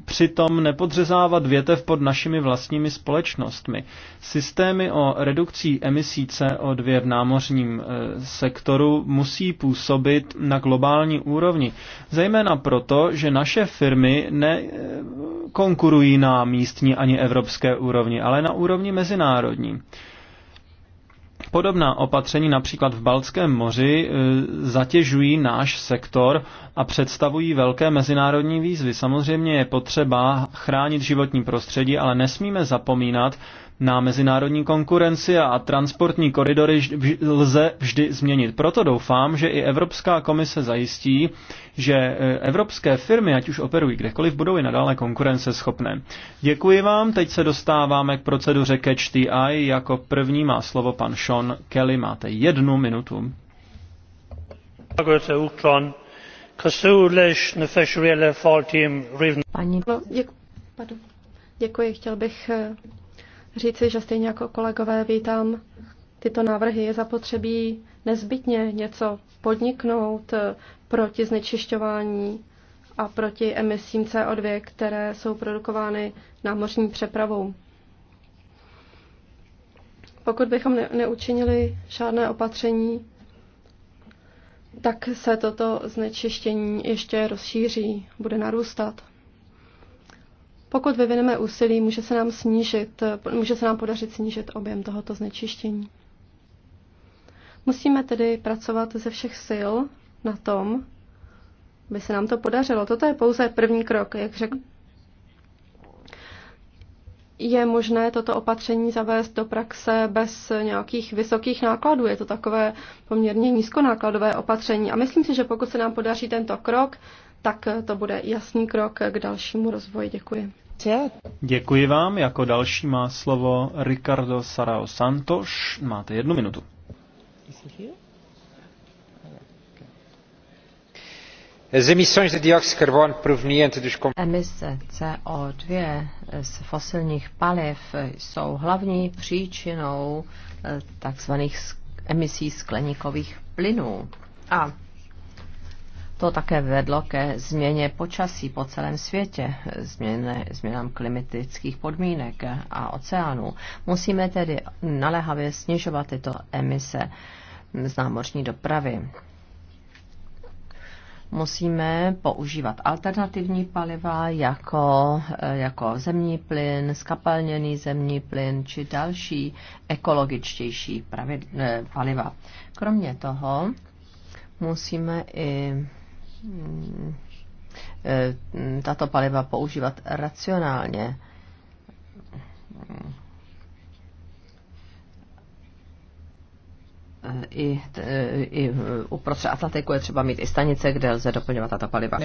přitom nepodřezávat větev pod našimi vlastními společnostmi. Systémy o redukcí emisí CO2 v námořním e, sektoru musí působit na globální úrovni, zejména proto, že naše firmy nekonkurují e, na místní ani evropské úrovni, ale na úrovni mezinárodní. Podobná opatření například v Baltském moři e, zatěžují náš sektor a představují velké mezinárodní výzvy. Samozřejmě je potřeba chránit životní prostředí, ale nesmíme zapomínat na mezinárodní konkurenci a transportní koridory lze vždy změnit. Proto doufám, že i Evropská komise zajistí, že e, evropské firmy, ať už operují kdekoliv, budou i nadále konkurenceschopné. Děkuji vám, teď se dostáváme k proceduře Catch the Eye. Jako první má slovo pan Sean Kelly, máte jednu minutu. Paní, děkuji, chtěl bych e, říci, že stejně jako kolegové vítám tyto návrhy. Je zapotřebí nezbytně něco podniknout proti znečišťování a proti emisím CO2, které jsou produkovány námořní přepravou. Pokud bychom neučinili žádné opatření, tak se toto znečištění ještě rozšíří, bude narůstat. Pokud vyvineme úsilí, může se nám, snížit, může se nám podařit snížit objem tohoto znečištění. Musíme tedy pracovat ze všech sil na tom, aby se nám to podařilo. Toto je pouze první krok, jak řekl. Je možné toto opatření zavést do praxe bez nějakých vysokých nákladů. Je to takové poměrně nízkonákladové opatření. A myslím si, že pokud se nám podaří tento krok, tak to bude jasný krok k dalšímu rozvoji. Děkuji. Děkuji vám. Jako další má slovo Ricardo Sarao Santos. Máte jednu minutu. Emise CO2 z fosilních paliv jsou hlavní příčinou eh, takzvaných emisí skleníkových plynů. A to také vedlo ke změně počasí po celém světě, změně, změnám klimatických podmínek a oceánů. Musíme tedy naléhavě snižovat tyto emise z námořní dopravy. Musíme používat alternativní paliva jako, jako zemní plyn, skapalněný zemní plyn či další ekologičtější pravid, eh, paliva. Kromě toho musíme i Hmm. E, tato paliva používat racionálně. I, i uprostřed Atlantiku je třeba mít i stanice, kde lze doplňovat tato paliva.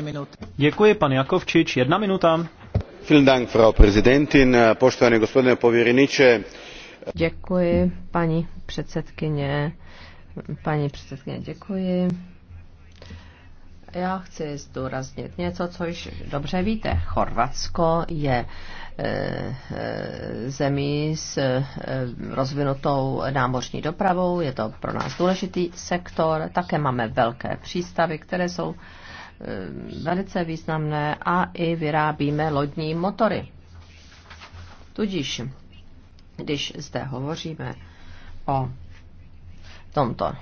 Děkuji, pan Jakovčič. Jedna minuta. Děkuji, paní předsedkyně. Paní předsedkyně, děkuji. Já chci zdůraznit něco, co již dobře víte. Chorvatsko je eh, eh, zemí s eh, rozvinutou námořní dopravou, je to pro nás důležitý sektor, také máme velké přístavy, které jsou velice významné a i vyrábíme lodní motory. Tudíž, když zde hovoříme o tomto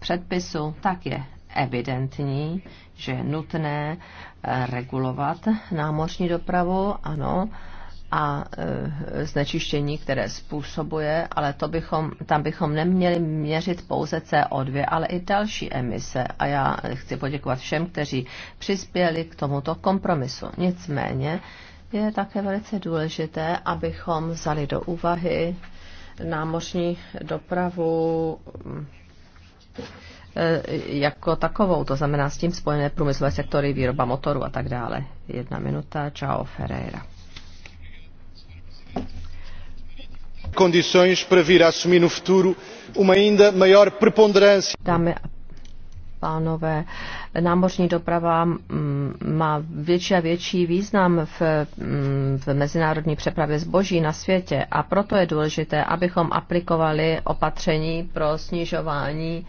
předpisu, tak je evidentní, že je nutné eh, regulovat námořní dopravu, ano, a eh, znečištění, které způsobuje, ale to bychom, tam bychom neměli měřit pouze CO2, ale i další emise. A já chci poděkovat všem, kteří přispěli k tomuto kompromisu. Nicméně je také velice důležité, abychom vzali do úvahy námořní dopravu E, jako takovou, to znamená s tím spojené průmyslové sektory, výroba motoru a tak dále. Jedna minuta, čau Ferreira. Condições para vir a assumir no futuro uma ainda maior preponderância. Dámy a pánové, námořní doprava mm, má větší a větší význam v, mm, v mezinárodní přepravě zboží na světě a proto je důležité, abychom aplikovali opatření pro snižování e,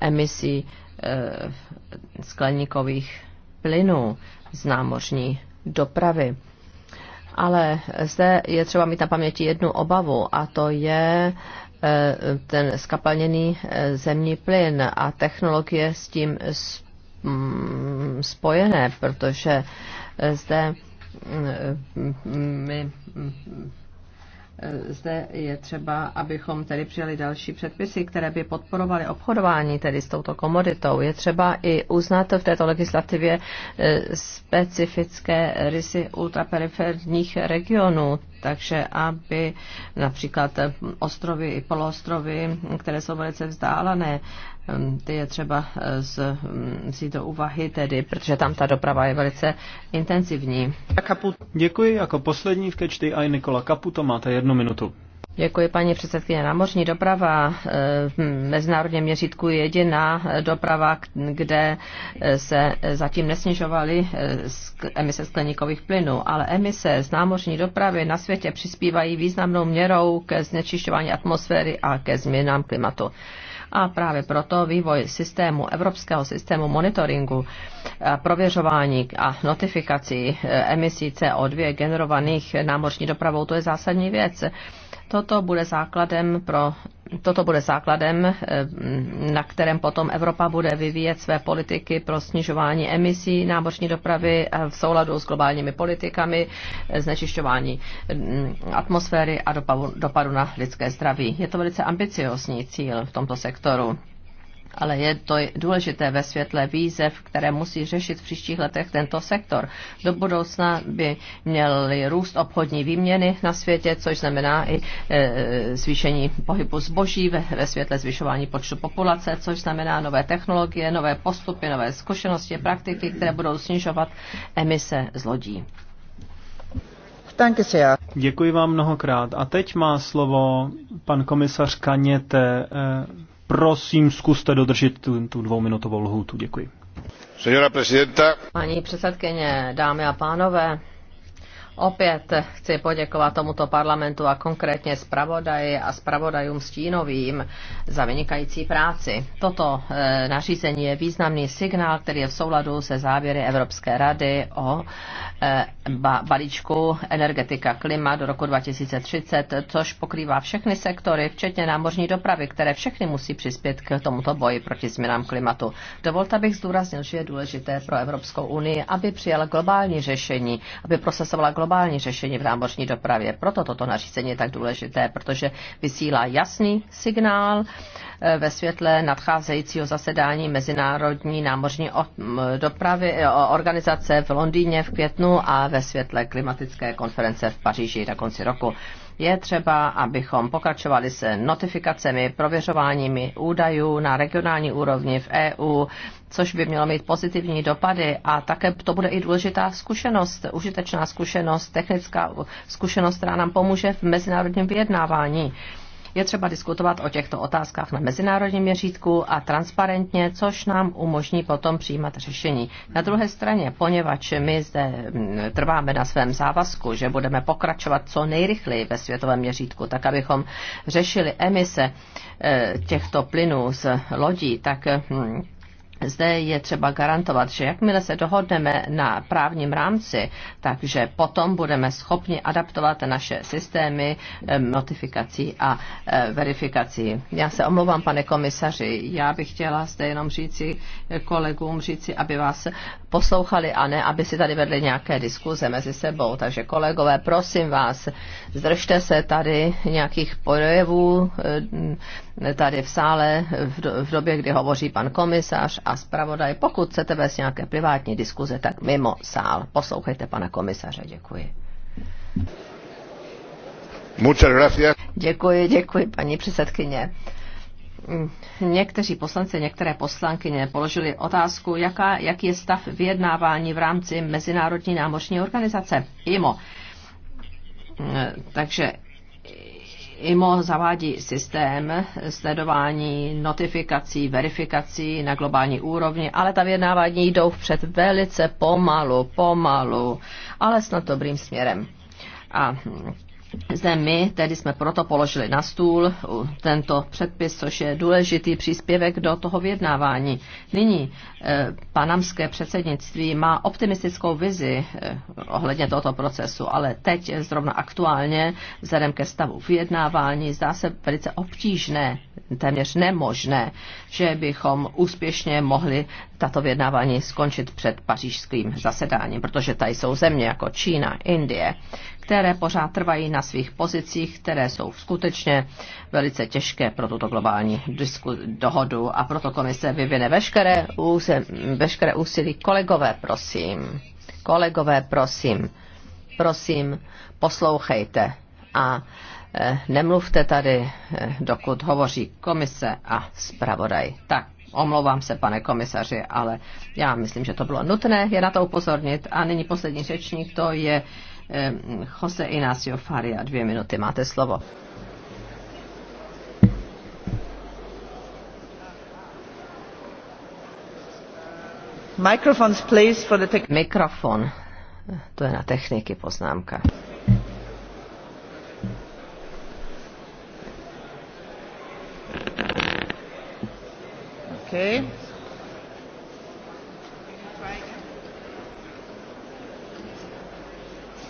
emisí e, skleníkových plynů z námořní dopravy. Ale zde je třeba mít na paměti jednu obavu a to je Eh, ten skapalněný eh, zemní plyn a technologie s tím mm, spojené, protože eh, zde mm, my mm, zde je třeba, abychom tedy přijali další předpisy, které by podporovaly obchodování tedy s touto komoditou. Je třeba i uznat v této legislativě specifické rysy ultraperiferních regionů takže aby například ostrovy i poloostrovy, které jsou velice vzdálené, um, ty je třeba eh, z, mm, vzít do úvahy tedy, protože tam ta doprava je velice intenzivní. Děkuji, jako poslední v kečty a Nikola Kaputo máte jednu minutu. Děkuji, paní předsedkyně. Námořní doprava v eh, hm, mezinárodně měřítku je jediná doprava, kde eh, se zatím nesnižovaly eh, emise skleníkových plynů, ale emise z námořní dopravy na světě přispívají významnou měrou ke znečišťování atmosféry a ke změnám klimatu a právě proto vývoj systému, evropského systému monitoringu, prověřování a notifikací emisí CO2 generovaných námořní dopravou, to je zásadní věc. Toto bude základem pro Toto bude základem, eh, na kterém potom Evropa bude vyvíjet své politiky pro snižování emisí náboční dopravy v souladu s globálními politikami, eh, znečišťování mm, atmosféry a dopadu, dopadu na lidské zdraví. Je to velice ambiciozní cíl v tomto sektoru ale je to důležité ve světle výzev, které musí řešit v příštích letech tento sektor. Do budoucna by měly růst obchodní výměny na světě, což znamená i e, zvýšení pohybu zboží ve světle zvyšování počtu populace, což znamená nové technologie, nové postupy, nové zkušenosti, praktiky, které budou snižovat emise z lodí. Děkuji vám mnohokrát. A teď má slovo pan komisař Kaněte prosím zkuste dodržet tu, tu dvouminutovou lhůtu. Děkuji. Paní předsedkyně, dámy a pánové, Opět chci poděkovat tomuto parlamentu a konkrétně zpravodaji a zpravodajům stínovým za vynikající práci. Toto e, nařízení je významný signál, který je v souladu se závěry Evropské rady o e, balíčku energetika klima do roku 2030, což pokrývá všechny sektory, včetně námořní dopravy, které všechny musí přispět k tomuto boji proti změnám klimatu. Dovolte, abych zdůraznil, že je důležité pro Evropskou unii, aby přijala globální řešení, aby procesovala globální globální řešení v námořní dopravě. Proto toto nařízení je tak důležité, protože vysílá jasný signál eh, ve světle nadcházejícího zasedání Mezinárodní námořní dopravy eh, organizace v Londýně v květnu a ve světle klimatické konference v Paříži na konci roku je třeba, abychom pokračovali se notifikacemi, prověřováními údajů na regionální úrovni v EU, což by mělo mít pozitivní dopady a také to bude i důležitá zkušenost, užitečná zkušenost, technická zkušenost, která nám pomůže v mezinárodním vyjednávání. Je třeba diskutovat o těchto otázkách na mezinárodním měřítku a transparentně, což nám umožní potom přijímat řešení. Na druhé straně, poněvadž my zde mm, trváme na svém závazku, že budeme pokračovat co nejrychleji ve světovém měřítku, tak abychom řešili emise eh, těchto plynů z lodí, tak mm, zde je třeba garantovat, že jakmile se dohodneme na právním rámci, takže potom budeme schopni adaptovat naše systémy eh, notifikací a eh, verifikací. Já se omlouvám, pane komisaři, já bych chtěla zde jenom říci kolegům, říci, aby vás poslouchali a ne, aby si tady vedli nějaké diskuze mezi sebou. Takže kolegové, prosím vás, zdržte se tady nějakých projevů eh, tady v sále v době, kdy hovoří pan komisař a zpravodaj. Pokud chcete vést nějaké privátní diskuze, tak mimo sál. Poslouchejte pana komisaře. Děkuji. Muchas gracias. Děkuji, děkuji, paní předsedkyně. Mm, někteří poslanci, některé poslankyně položili otázku, jaká, jaký je stav vyjednávání v rámci Mezinárodní námořní organizace IMO. Mm, takže IMO zavádí systém sledování, notifikací, verifikací na globální úrovni, ale ta vyjednávání jdou vpřed velice pomalu, pomalu, ale snad dobrým směrem. A zemi, tedy jsme proto položili na stůl uh, tento předpis, což je důležitý příspěvek do toho vyjednávání. Nyní eh, panamské předsednictví má optimistickou vizi eh, ohledně tohoto procesu, ale teď zrovna aktuálně, vzhledem ke stavu vyjednávání, zdá se velice obtížné téměř nemožné, že bychom úspěšně mohli tato vyjednávání skončit před pařížským zasedáním, protože tady jsou země jako Čína, Indie, které pořád trvají na svých pozicích, které jsou skutečně velice těžké pro tuto globální disku, dohodu a proto komise vyvine veškeré, úse, veškeré úsilí. Kolegové, prosím, kolegové, prosím, prosím, poslouchejte a Eh, nemluvte tady, eh, dokud hovoří komise a zpravodaj. Tak, omlouvám se, pane komisaři, ale já myslím, že to bylo nutné, je na to upozornit. A nyní poslední řečník, to je eh, Jose Ignacio Faria. Dvě minuty, máte slovo. Mikrofon, to je na techniky poznámka. Okay.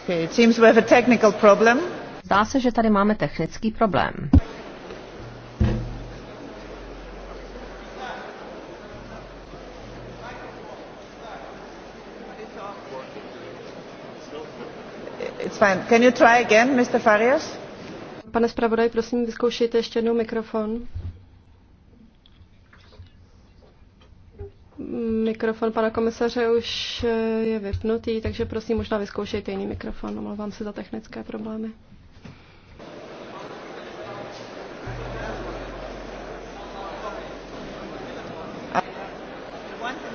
Okay, it seems we have a technical problem. Zdá se, že tady máme technický problém. It's fine. Can you try again, Mr. Farias? Pane zpravodaj, prosím, vyzkoušejte ještě jednou mikrofon. Mikrofon pana komisaře už eh, je vypnutý, takže prosím, možná vyzkoušejte jiný mikrofon. Omlouvám se za technické problémy.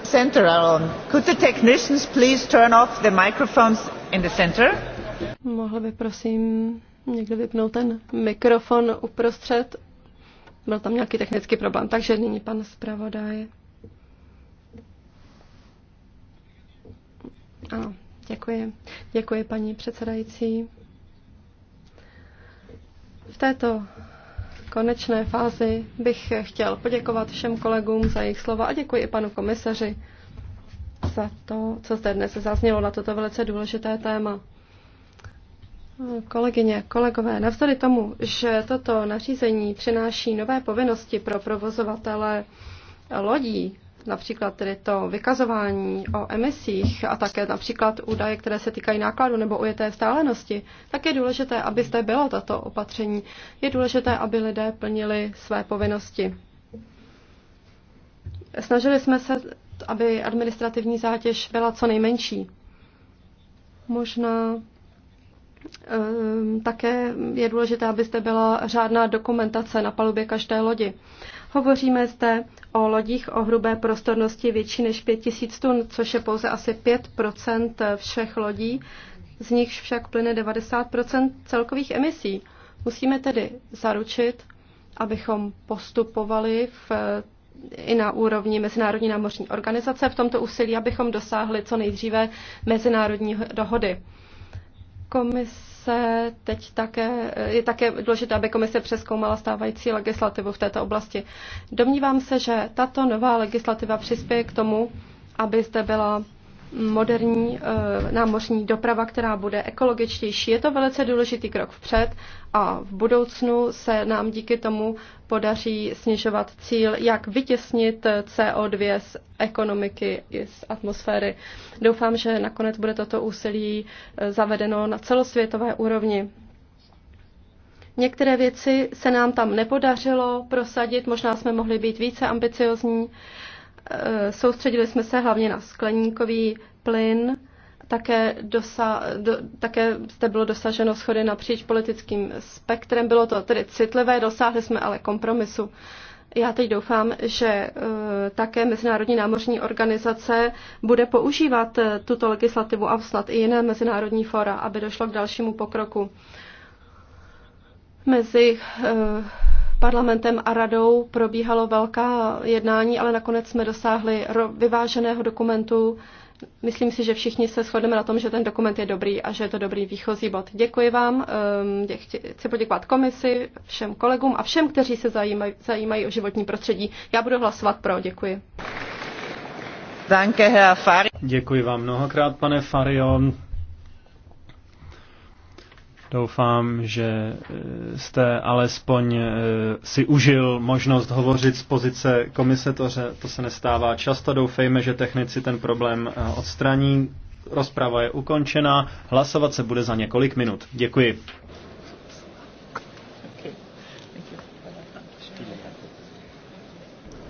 center alone. Could the technicians please turn off the microphones in the center? Mohl by prosím někdo vypnout ten mikrofon uprostřed? Byl tam nějaký technický problém, takže nyní pan zpravodaj. Ano, děkuji. Děkuji, paní předsedající. V této konečné fázi bych chtěl poděkovat všem kolegům za jejich slova a děkuji i panu komisaři za to, co zde dnes zaznělo na toto velice důležité téma. Kolegyně, kolegové, navzdory tomu, že toto nařízení přináší nové povinnosti pro provozovatele lodí, například tedy to vykazování o emisích a také například údaje, které se týkají nákladu nebo ujeté vzdálenosti, tak je důležité, aby zde bylo tato opatření. Je důležité, aby lidé plnili své povinnosti. Snažili jsme se, aby administrativní zátěž byla co nejmenší. Možná ehm, také je důležité, aby zde byla řádná dokumentace na palubě každé lodi. Hovoříme zde o lodích o hrubé prostornosti větší než 5000 tun, což je pouze asi 5 všech lodí, z nichž však plyne 90 celkových emisí. Musíme tedy zaručit, abychom postupovali v, i na úrovni Mezinárodní námořní organizace v tomto úsilí, abychom dosáhli co nejdříve mezinárodní dohody. Komise se teď také, je také důležité, aby komise přeskoumala stávající legislativu v této oblasti. Domnívám se, že tato nová legislativa přispěje k tomu, aby zde byla moderní eh, námořní doprava, která bude ekologičtější. Je to velice důležitý krok vpřed a v budoucnu se nám díky tomu podaří snižovat cíl, jak vytěsnit CO2 z ekonomiky i z atmosféry. Doufám, že nakonec bude toto úsilí eh, zavedeno na celosvětové úrovni. Některé věci se nám tam nepodařilo prosadit, možná jsme mohli být více ambiciozní. Eh, soustředili jsme se hlavně na skleníkový plyn, také, dosa, do, také zde bylo dosaženo schody napříč politickým spektrem. Bylo to tedy citlivé, dosáhli jsme ale kompromisu. Já teď doufám, že e, také Mezinárodní námořní organizace bude používat e, tuto legislativu a snad i jiné mezinárodní fora, aby došlo k dalšímu pokroku. Mezi e, parlamentem a radou probíhalo velká jednání, ale nakonec jsme dosáhli vyváženého dokumentu. Myslím si, že všichni se shodneme na tom, že ten dokument je dobrý a že je to dobrý výchozí bod. Děkuji vám, ehm, chci poděkovat komisi, všem kolegům a všem, kteří se zajímají, zajímají o životní prostředí. Já budu hlasovat pro. Děkuji. Děkuji vám mnohokrát, pane Fario. Doufám, že eh, jste alespoň eh, si užil možnost hovořit z pozice komise, to, to se nestává často. Doufejme, že technici ten problém eh, odstraní. Rozprava je ukončena, hlasovat se bude za několik minut. Děkuji.